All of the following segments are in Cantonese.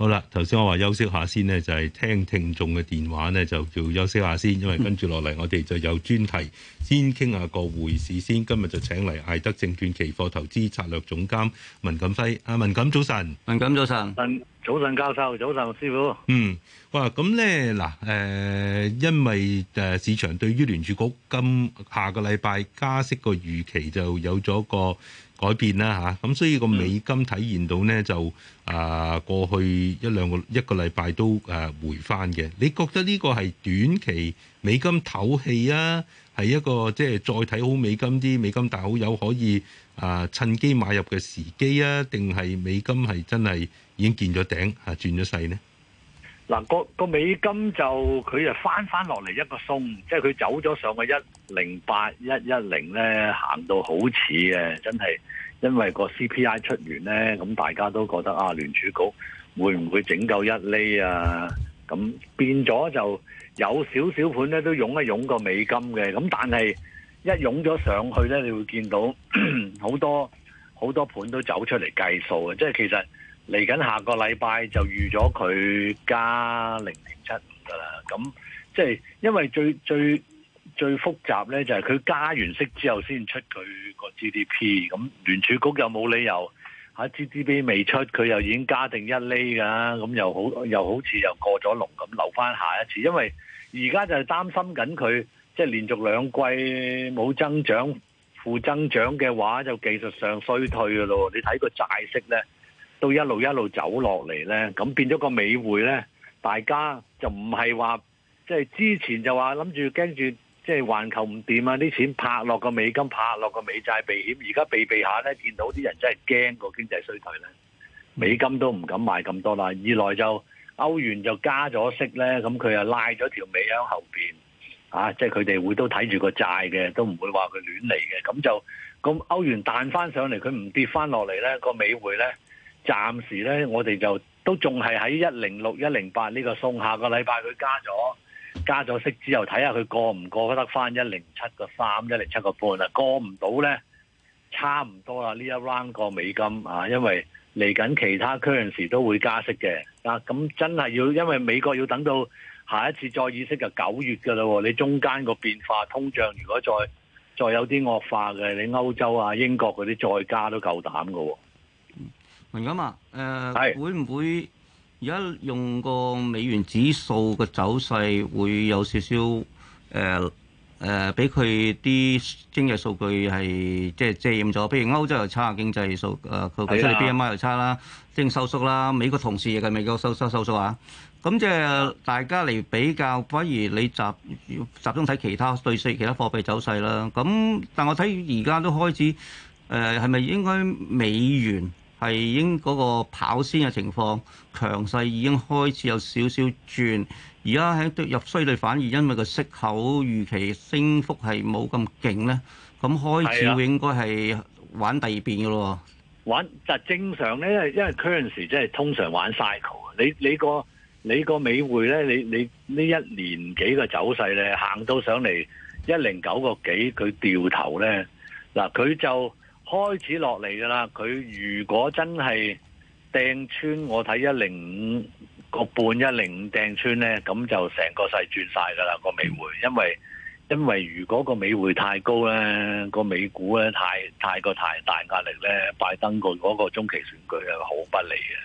好啦，頭先我話休息下先呢就係、是、聽聽眾嘅電話呢就叫休息下先，因為跟住落嚟我哋就有專題 先傾下個匯市先。今日就請嚟艾德證券期貨投資策略總監文錦輝啊，文錦早晨，文錦早晨，文早晨，早晨教授，早晨師傅。嗯，哇，咁咧嗱誒，因為市場對於聯儲局今下個禮拜加息個預期就有咗個改變啦，咁所以個美金體現到呢，就啊過去一兩個一個禮拜都誒、啊、回翻嘅。你覺得呢個係短期美金唞氣啊，係一個即係再睇好美金啲美金大好友可以啊趁機買入嘅時機啊，定係美金係真係已經見咗頂嚇、啊、轉咗勢呢？嗱、啊、個個美金就佢就翻翻落嚟一個鬆，即係佢走咗上去一零八一一零咧，行到好似嘅，真係因為個 CPI 出完咧，咁、嗯、大家都覺得啊聯儲局會唔會整夠一厘啊？咁、嗯、變咗就有少少盤咧都湧一湧個美金嘅，咁、嗯、但係一湧咗上去咧，你會見到好多好多盤都走出嚟計數啊，即係其實。嚟緊下，下個禮拜就預咗佢加零點七五噶啦，咁即係因為最最最複雜咧就係佢加完息之後先出佢個 GDP，咁聯儲局又冇理由喺 GDP 未出佢又已經加定一厘噶，咁又好又好似又過咗龍咁，留翻下一次。因為而家就係擔心緊佢即係連續兩季冇增長、負增長嘅話就技術上衰退噶咯，你睇個債息咧，到一路一路走落嚟呢，咁變咗個美匯呢，大家就唔係話即係之前就話諗住驚住即係環球唔掂啊！啲錢拍落個美金、拍落個美債避險，而家避避下呢，見到啲人真係驚個經濟衰退呢。美金都唔敢買咁多啦。二來就歐元就加咗息呢。咁佢又拉咗條尾喺後邊，啊！即係佢哋會都睇住個債嘅，都唔會話佢亂嚟嘅。咁就咁歐元彈翻上嚟，佢唔跌翻落嚟呢個美匯呢。暫時咧，我哋就都仲係喺一零六、一零八呢個送，下個禮拜佢加咗，加咗息之後睇下佢過唔過得翻一零七個三、一零七個半啊。過唔到咧，差唔多啦呢一 round 個美金啊，因為嚟緊其他 currency 都會加息嘅啊。咁真係要，因為美國要等到下一次再議息就九月喇喎。你中間個變化，通脹如果再再有啲惡化嘅，你歐洲啊、英國嗰啲再加都夠膽㗎喎。唔咁啊！誒會唔會而家用個美元指數嘅走勢會有少少誒誒，俾佢啲經濟數據係即係遮掩咗？譬如歐洲又差經濟數，誒佢佢出嚟 PMI 又差啦，經濟收縮啦，美國同時亦都未夠收收收縮啊！咁即係大家嚟比較，反而你集集中睇其他對說其他貨幣走勢啦。咁但我睇而家都開始誒，係咪應該美元？係已經嗰個跑先嘅情況，強勢已經開始有少少轉。而家喺入衰退反而因為個息口預期升幅係冇咁勁咧，咁開始應該係玩第二邊嘅咯、啊。玩就正常咧，因為 currency 即係通常玩 cycle 啊。你你個你個美匯咧，你你呢一年幾嘅走勢咧，行到上嚟一零九個幾，佢掉頭咧，嗱佢就。開始落嚟㗎啦！佢如果真係掟穿，我睇一零五個半一零五掟穿呢，咁就成個世轉晒㗎啦個美匯，因為因為如果個美匯太高呢，個美股呢，太太過太大壓力呢，拜登個嗰個中期選舉係好不利嘅，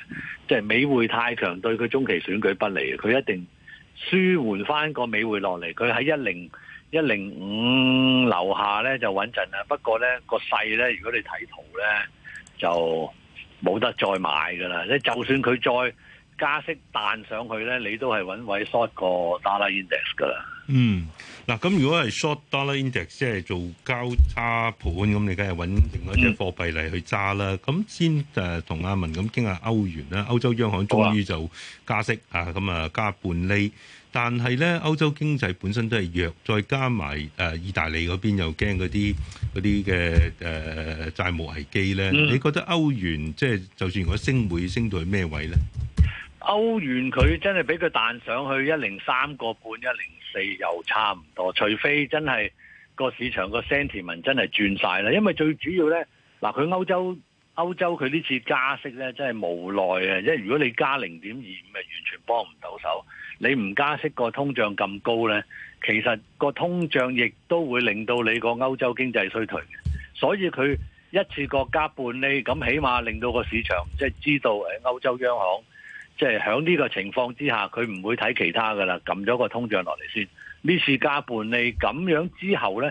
即係美匯太強對佢中期選舉不利，佢一定舒緩翻個美匯落嚟，佢喺一零。一零五樓下咧就穩陣啦，不過咧、那個細咧，如果你睇圖咧就冇得再買㗎啦。你就算佢再加息彈上去咧，你都係揾位 short 個 Dollar Index 㗎啦。嗯，嗱，咁如果係 short dollar index，即係做交叉盤，咁你梗係搵另外一隻貨幣嚟去揸啦。咁、嗯、先誒，同阿文咁傾下歐元啦。歐洲央行終於就加息的啊，咁啊加半厘。但係咧，歐洲經濟本身都係弱，再加埋誒、啊、意大利嗰邊又驚嗰啲啲嘅誒債務危機咧。嗯、你覺得歐元即係就算如果升會升到去咩位咧？歐元佢真係俾佢彈上去一零三個半一零。你又差唔多，除非真係個市場個 sentiment 真係轉晒啦。因為最主要咧，嗱佢歐洲歐洲佢呢次加息咧，真係無奈啊！因為如果你加零點二五，咪完全幫唔到手。你唔加息個通脹咁高咧，其實個通脹亦都會令到你個歐洲經濟衰退，所以佢一次過加半厘，咁起碼令到個市場即係、就是、知道誒歐洲央行。即係喺呢個情況之下，佢唔會睇其他噶啦，撳咗個通脹落嚟先。呢次加半厘咁樣之後呢，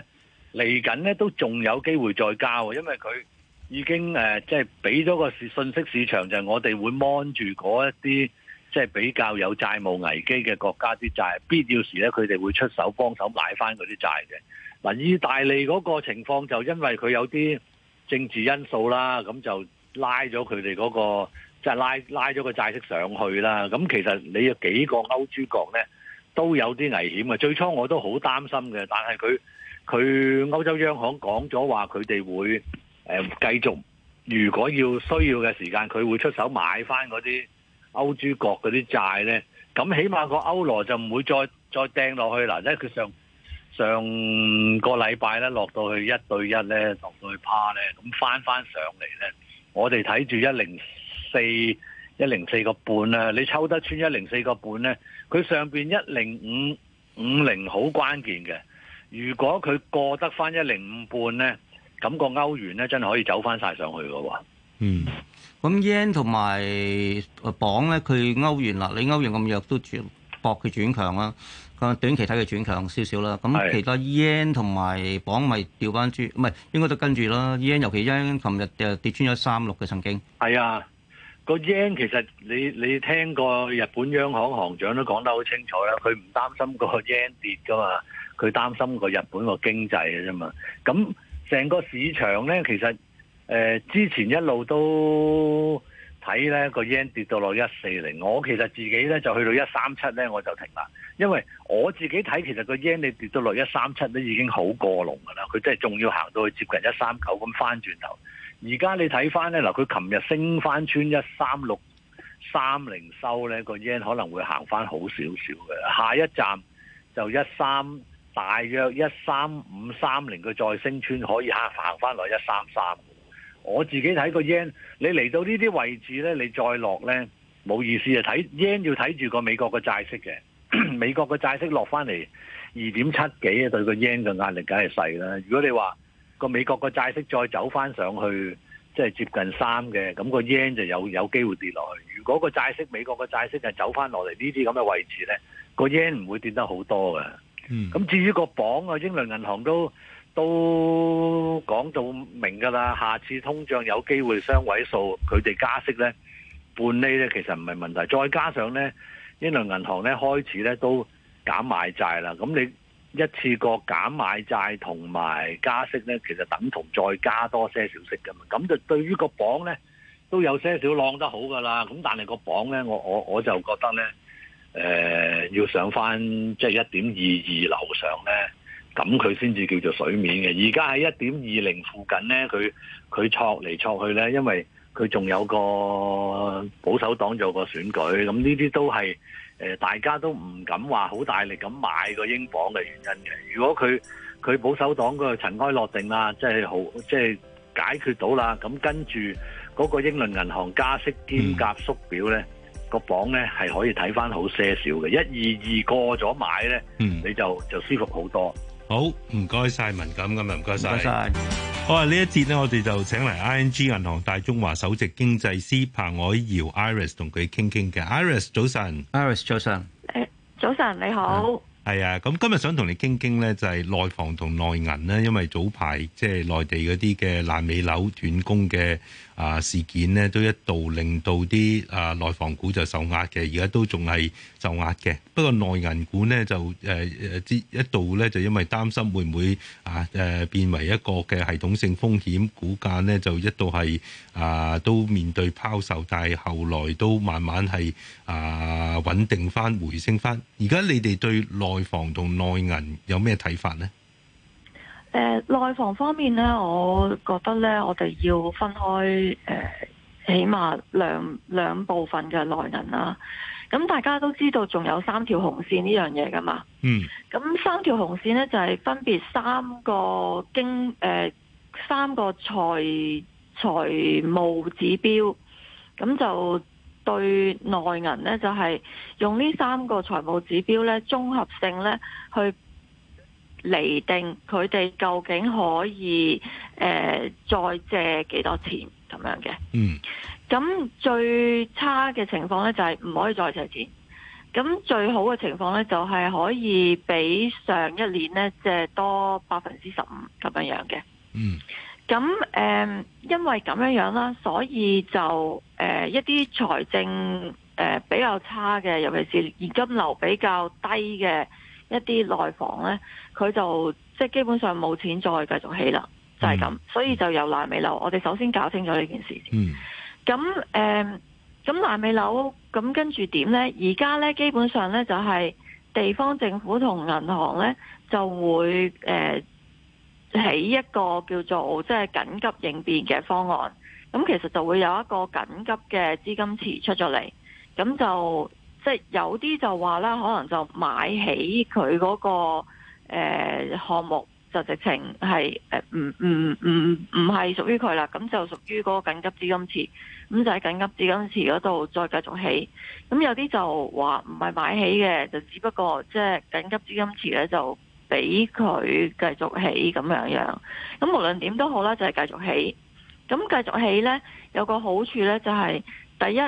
嚟緊呢都仲有機會再加喎、哦，因為佢已經誒即係俾咗個信息，市場就係、是、我哋會芒住嗰一啲即係比較有債務危機嘅國家啲債，必要時呢，佢哋會出手幫手買翻嗰啲債嘅。嗱、啊，意大利嗰個情況就因為佢有啲政治因素啦，咁就拉咗佢哋嗰個。就係拉拉咗個債息上去啦，咁其實你有幾個歐豬國呢都有啲危險嘅。最初我都好擔心嘅，但係佢佢歐洲央行講咗話，佢哋會誒繼續，如果要需要嘅時間，佢會出手買翻嗰啲歐豬國嗰啲債呢。咁起碼個歐羅就唔會再再掟落去啦，因為佢上上個禮拜呢落到去一對一呢，落到去趴呢。咁翻翻上嚟呢，我哋睇住一零四一零四個半啦，你抽得穿一零四個半咧，佢上邊一零五五零好關鍵嘅。如果佢過得翻一零五半咧，咁個歐元咧真係可以走翻曬上去嘅喎。嗯，咁 yen 同埋磅咧，佢歐元啦，你歐元咁弱都轉博佢轉強啦。咁短期睇佢轉強少少啦。咁其他 yen 同埋磅咪掉翻轉，唔係應該都跟住啦。yen 尤其 yen 琴日就跌穿咗三六嘅，曾經。係啊。個 yen 其實你你聽過日本央行行長都講得好清楚啦，佢唔擔心個 yen 跌㗎嘛，佢擔心個日本個經濟嘅啫嘛。咁成個市場咧，其實誒、呃、之前一路都睇咧個 yen 跌到落一四零，我其實自己咧就去到一三七咧我就停啦，因為我自己睇其實個 yen 你跌到落一三七都已經好過龍㗎啦，佢真係仲要行到去接近一三九咁翻轉頭。而家你睇翻咧，嗱佢琴日升翻穿一三六三零收咧，個 yen 可能會行翻好少少嘅。下一站就一三，大約一三五三零，佢再升穿可以行行翻落一三三。我自己睇個 yen，你嚟到呢啲位置咧，你再落咧冇意思啊！睇 yen 要睇住個美國嘅債息嘅，美國嘅債息落翻嚟二點七幾啊，對個 yen 嘅壓力梗係細啦。如果你話，個美國個債息再走翻上去，即係接近三嘅，咁個 yen 就有有機會跌落去。如果個債息，美國個債息就走翻落嚟呢啲咁嘅位置咧，個 yen 唔會跌得好多嘅。嗯，咁至於個鎊啊，英倫銀行都都講到明㗎喇，下次通脹有機會雙位數，佢哋加息咧，半厘咧其實唔係問題。再加上咧，英倫銀行咧開始咧都減買債啦，咁你。一次過減買債同埋加息呢，其實等同再加多些少息㗎嘛，咁就對於個鎊呢，都有些少浪得好㗎喇。咁但係個鎊呢，我我我就覺得呢，呃、要上返即係一點二二樓上呢，咁佢先至叫做水面嘅。而家喺一點二零附近呢，佢佢挫嚟挫去呢，因為佢仲有個保守黨做個選舉，咁呢啲都係。誒，大家都唔敢話好大力咁買個英鎊嘅原因嘅。如果佢佢保守黨個塵埃落定啦，即係好即係解決到啦，咁跟住嗰個英倫銀行加息兼夾縮表咧，個鎊咧係可以睇翻好些少嘅。一二二過咗買咧，嗯，你就就舒服好多。好，唔該晒文錦，今日唔該晒。好啊，呢一節咧，我哋就請嚟 ING 銀行大中華首席經濟師彭藹嬈 Iris 同佢傾傾嘅。Iris 早晨，Iris 早晨，誒早晨你好。啊係啊，咁今日想同你傾傾咧，就係內房同內銀咧，因為早排即係內地嗰啲嘅爛尾樓斷供嘅啊事件呢都一度令到啲啊內房股就受壓嘅，而家都仲係受壓嘅。不過內銀股呢，就誒誒，一度咧就因為擔心會唔會啊誒變為一個嘅系統性風險，股價呢，就一度係啊都面對拋售，但係後來都慢慢係啊穩定翻、回升翻。而家你哋對內內房同內銀有咩睇法呢？誒、呃，內房方面呢，我覺得呢，我哋要分開誒、呃，起碼兩兩部分嘅內銀啦。咁大家都知道，仲有三條紅線呢樣嘢㗎嘛。嗯。咁三條紅線呢，就係、是、分別三個經誒、呃、三個財財務指標，咁就。對內銀咧，就係、是、用呢三個財務指標咧，綜合性咧去釐定佢哋究竟可以誒、呃、再借幾多錢咁樣嘅。嗯，咁最差嘅情況咧就係、是、唔可以再借錢。咁最好嘅情況咧就係、是、可以比上一年咧借多百分之十五咁樣樣嘅。嗯。咁誒、嗯，因為咁樣樣啦，所以就誒、呃、一啲財政誒、呃、比較差嘅，尤其是現金流比較低嘅一啲內房咧，佢就即係基本上冇錢再繼續起啦，就係、是、咁。嗯、所以就由爛尾樓，嗯、我哋首先搞清楚呢件事。咁誒、嗯，咁爛尾樓，咁跟住點咧？而家咧基本上咧就係、是、地方政府同銀行咧就會誒、呃起一個叫做即係緊急應變嘅方案，咁其實就會有一個緊急嘅資金池出咗嚟，咁就即係有啲就話啦，可能就買起佢嗰個誒項目，就直情係誒唔唔唔唔係屬於佢啦，咁就屬於嗰個緊急資金池，咁就喺緊急資金池嗰度再繼續起，咁有啲就話唔係買起嘅，就只不過即係緊急資金池咧就。俾佢繼續起咁樣樣，咁無論點都好啦，就係、是、繼續起。咁繼續起呢，有個好處呢，就係、是、第一，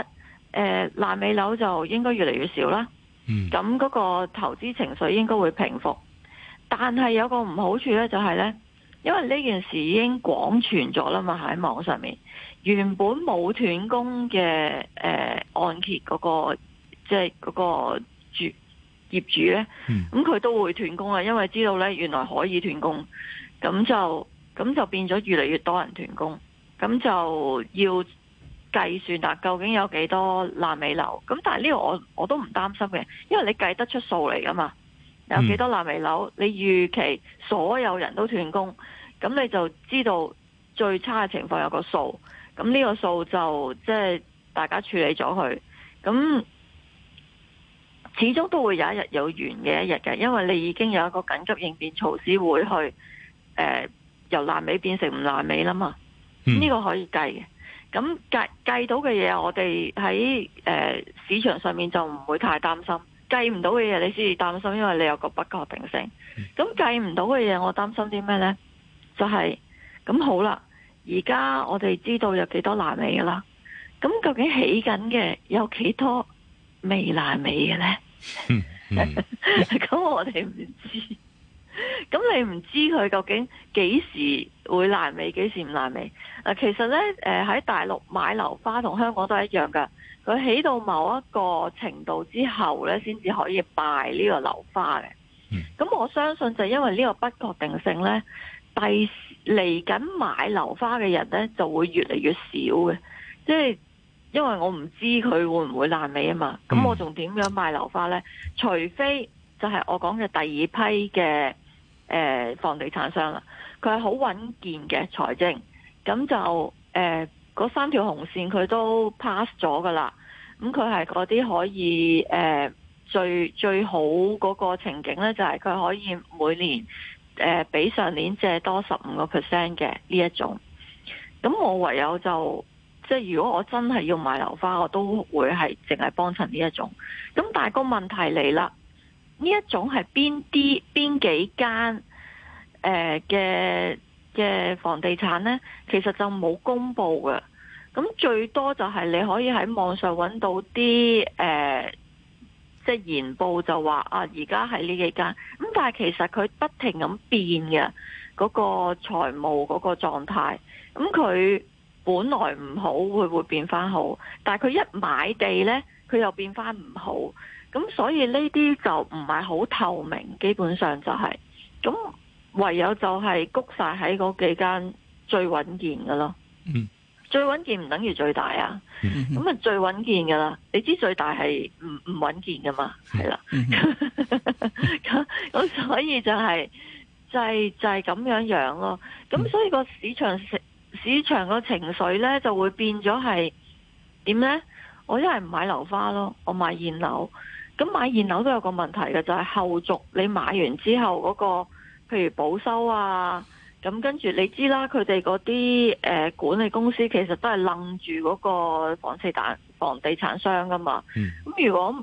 呃、爛尾樓就應該越嚟越少啦。咁嗰個投資情緒應該會平復，但係有個唔好處呢，就係、是、呢，因為呢件事已經廣傳咗啦嘛，喺網上面，原本冇斷供嘅、呃、按揭嗰、嗰個，即係嗰個住。業主呢，咁佢都會斷供啦，因為知道呢，原來可以斷供。咁就咁就變咗越嚟越多人斷供。咁就要計算啦，究竟有幾多爛尾樓？咁但係呢個我我都唔擔心嘅，因為你計得出數嚟㗎嘛，有幾多爛尾樓？你預期所有人都斷供。咁你就知道最差嘅情況有個數，咁呢個數就即係大家處理咗佢，咁。始終都會有一日有完嘅一日嘅，因為你已經有一個緊急應變措施會去，呃、由爛尾變成唔爛尾啦嘛，呢、嗯、個可以計嘅。咁計計到嘅嘢，我哋喺市場上面就唔會太擔心。計唔到嘅嘢，你先至擔心，因為你有一個不確定性。咁計唔到嘅嘢，我擔心啲咩呢？就係、是、咁好啦。而家我哋知道有幾多爛尾噶啦，咁究竟起緊嘅有幾多未爛尾嘅呢？咁、嗯嗯、 我哋唔知，咁你唔知佢究竟幾時會爛尾，幾時唔爛尾？其實咧，誒喺大陸買樓花同香港都係一樣噶，佢起到某一個程度之後咧，先至可以敗呢個樓花嘅。咁、嗯、我相信就因為呢個不確定性咧，第嚟緊買樓花嘅人咧就會越嚟越少嘅，即係。因為我唔知佢會唔會爛尾啊嘛，咁我仲點樣賣樓花呢？除非就係我講嘅第二批嘅誒、呃、房地產商啦，佢係好穩健嘅財政，咁就誒嗰、呃、三條紅線佢都 pass 咗㗎喇，咁佢係嗰啲可以誒、呃、最最好嗰個情景呢，就係、是、佢可以每年誒、呃、比上年借多十五個 percent 嘅呢一種，咁我唯有就，即係如果我真係要買樓花，我都會係淨係幫襯呢一種。咁但係個問題嚟啦，呢一種係邊啲邊幾間誒嘅嘅房地產呢？其實就冇公布嘅。咁最多就係你可以喺網上揾到啲誒，即係研報就話啊，而家係呢幾間。咁但係其實佢不停咁變嘅嗰個財務嗰個狀態，咁佢。本來唔好，佢會唔會變翻好，但係佢一買地呢，佢又變翻唔好，咁所以呢啲就唔係好透明，基本上就係、是，咁唯有就係谷晒喺嗰幾間最穩健嘅咯。嗯、最穩健唔等於最大啊。咁啊最穩健噶啦，你知最大係唔唔穩健㗎嘛？係啦。咁 所以就係、是、就係、是、就係咁樣樣咯。咁所以個市場市場個情緒呢就會變咗係點呢？我一係唔買樓花囉，我買現樓。咁買現樓都有個問題嘅，就係、是、後續你買完之後嗰、那個，譬如保修啊，咁跟住你知啦，佢哋嗰啲誒管理公司其實都係楞住嗰個房，房地產商噶嘛。咁、嗯、如果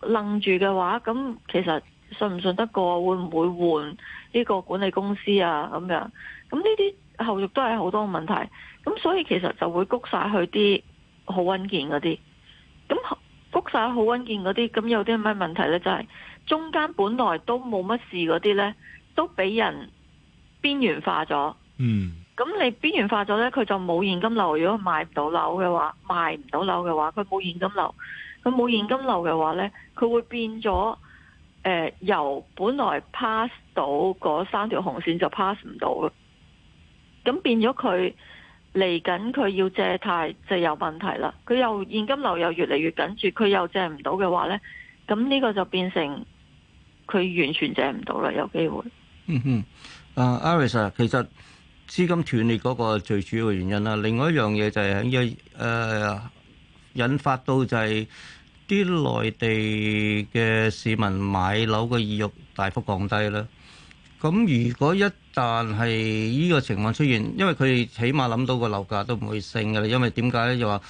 楞住嘅話，咁其實信唔信得過，會唔會換呢個管理公司啊？咁樣咁呢啲。那這些後續都係好多問題，咁所以其實就會谷晒去啲好穩健嗰啲，咁谷晒好穩健嗰啲，咁有啲咩問題呢？就係中間本來都冇乜事嗰啲呢，都俾人邊緣化咗。嗯，咁你邊緣化咗呢？佢就冇現金流。如果賣唔到樓嘅話，賣唔到樓嘅話，佢冇現金流，佢冇現金流嘅話呢，佢會變咗、呃，由本來 pass 到嗰三條紅線就 pass 唔到咁變咗佢嚟緊，佢要借貸就有問題啦。佢又現金流又越嚟越緊住，佢又借唔到嘅話咧，咁呢個就變成佢完全借唔到啦。有機會。嗯哼，啊，Iris 啊，其實資金斷裂嗰個最主要嘅原因啦，另外一樣嘢就係因為誒引發到就係啲內地嘅市民買樓嘅意欲大幅降低啦。咁如果一旦係呢個情況出現，因為佢起碼諗到個樓價都唔會升㗎啦，因為點解咧？就話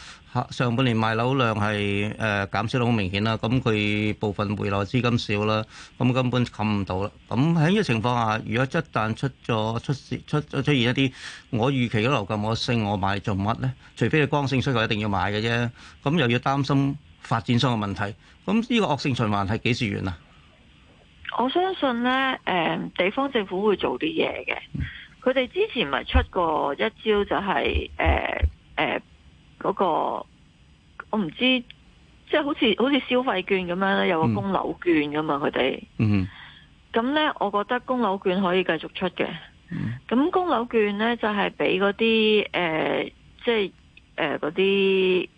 上半年賣樓量係誒減少到好明顯啦，咁佢部分回流資金少啦，咁根本冚唔到啦。咁喺呢個情況下，如果一旦出咗出事、出出現一啲我預期嘅樓價冇得升，我買做乜咧？除非係剛性需求一定要買嘅啫，咁又要擔心發展商嘅問題。咁呢個惡性循環係幾時完啊？我相信呢，誒、嗯，地方政府會做啲嘢嘅。佢哋之前咪出過一招，就係呃呃嗰個，就係、是、誒，誒，嗰個我唔知，即係好似好似消費券咁樣咧，有個供樓券咁嘛，佢哋。咁、嗯、哼呢我覺得供樓券可以繼續出嘅。咁供樓券呢，就係俾嗰啲，誒、呃，即、就、係、是，誒、呃，嗰啲，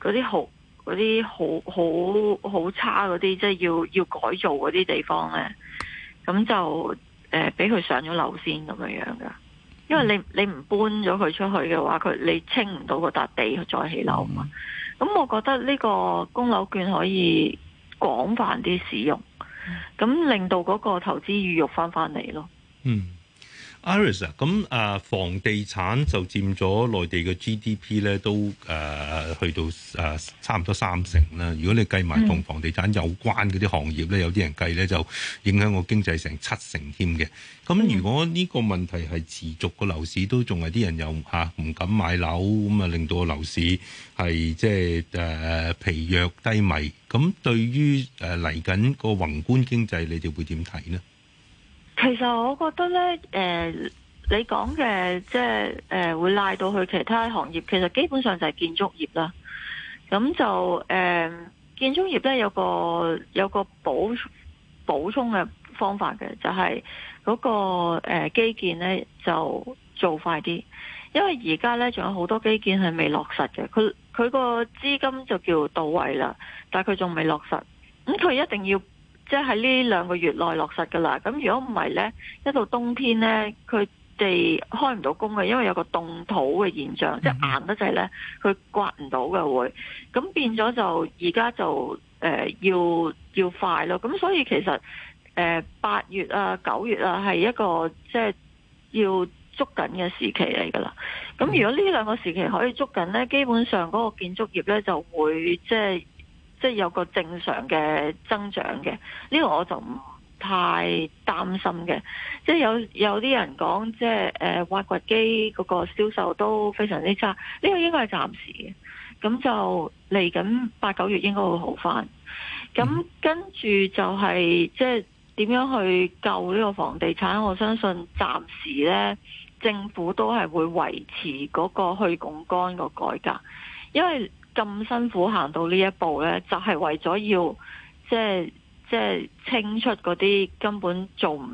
嗰啲豪。嗰啲好好好差嗰啲，即係要要改造嗰啲地方咧，咁就誒俾佢上咗樓先咁樣樣噶因為你你唔搬咗佢出去嘅話，佢你清唔到個笪地再起樓嘛。咁、嗯、我覺得呢個供樓券可以廣泛啲使用，咁令到嗰個投資意欲翻翻嚟咯。嗯。Iris，咁啊，房地產就佔咗內地嘅 GDP 咧，都誒、啊、去到誒、啊、差唔多三成啦。如果你計埋同房地產有關嗰啲行業咧，嗯、有啲人計咧就影響個經濟成七成添嘅。咁如果呢個問題係持續，個樓市都仲係啲人又嚇唔、啊、敢買樓，咁啊令到個樓市係即係誒疲弱低迷。咁對於誒嚟緊個宏觀經濟，你哋會點睇呢？其實我覺得呢，誒，你講嘅即係誒會拉到去其他行業，其實基本上就係建築業啦。咁就誒，建築業呢，有個有個補補充嘅方法嘅，就係嗰個誒基建呢，就做快啲，因為而家呢，仲有好多基建係未落實嘅，佢佢個資金就叫到位啦，但係佢仲未落實，咁佢一定要。即係喺呢兩個月內落實噶啦，咁如果唔係呢，一到冬天呢，佢哋開唔到工嘅，因為有個凍土嘅現象，嗯、即係硬得滯呢，佢刮唔到嘅會，咁變咗就而家就、呃、要要快咯，咁所以其實誒八月啊、九月啊係一個即係要捉緊嘅時期嚟㗎喇。咁、嗯、如果呢兩個時期可以捉緊呢，基本上嗰個建築業呢就會即係。即係有個正常嘅增長嘅，呢個我就唔太擔心嘅。即係有有啲人講，即係誒、呃、挖掘機嗰個銷售都非常之差，呢、這個應該係暫時嘅。咁就嚟緊八九月應該會好返。咁跟住就係、是、即係點樣去救呢個房地產？我相信暫時呢政府都係會維持嗰個去槓桿個改革，因為。咁辛苦行到呢一步呢，就係為咗要即係即係清出嗰啲根本做唔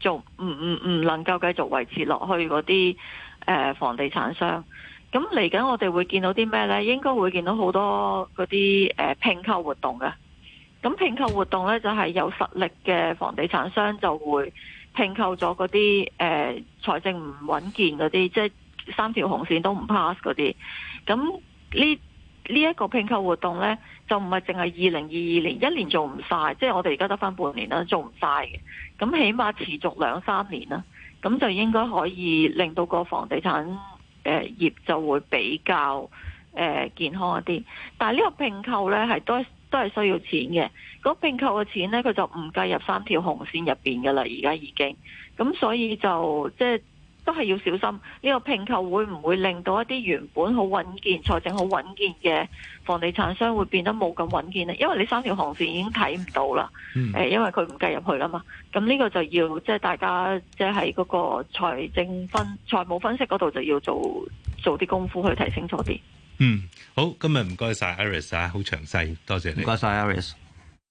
做唔唔唔能夠繼續維持落去嗰啲誒房地產商。咁嚟緊我哋會見到啲咩呢？應該會見到好多嗰啲誒併購活動嘅。咁併購活動呢，就係有實力嘅房地產商就會併購咗嗰啲誒財政唔穩健嗰啲，即係三條紅線都唔 pass 嗰啲。咁呢？呢一個拼購活動呢，就唔係淨係二零二二年一年做唔曬，即係我哋而家得翻半年啦，做唔曬嘅。咁起碼持續兩三年啦，咁就應該可以令到個房地產業就會比較誒健康一啲。但呢個拼購呢，係都都係需要錢嘅，嗰個拼購嘅錢呢，佢就唔計入三條紅線入面㗎啦，而家已經。咁所以就即係。都係要小心呢，這個併購會唔會令到一啲原本好穩健財政好穩健嘅房地產商會變得冇咁穩健咧？因為你三條紅線已經睇唔到啦，誒、嗯，因為佢唔計入去啦嘛。咁呢個就要即係，就是，大家即係嗰個財政分財務分析嗰度就要做做啲功夫去睇清楚啲。嗯，好，今日唔該晒 Iris 啊，好詳細，多謝你。唔該晒 Iris。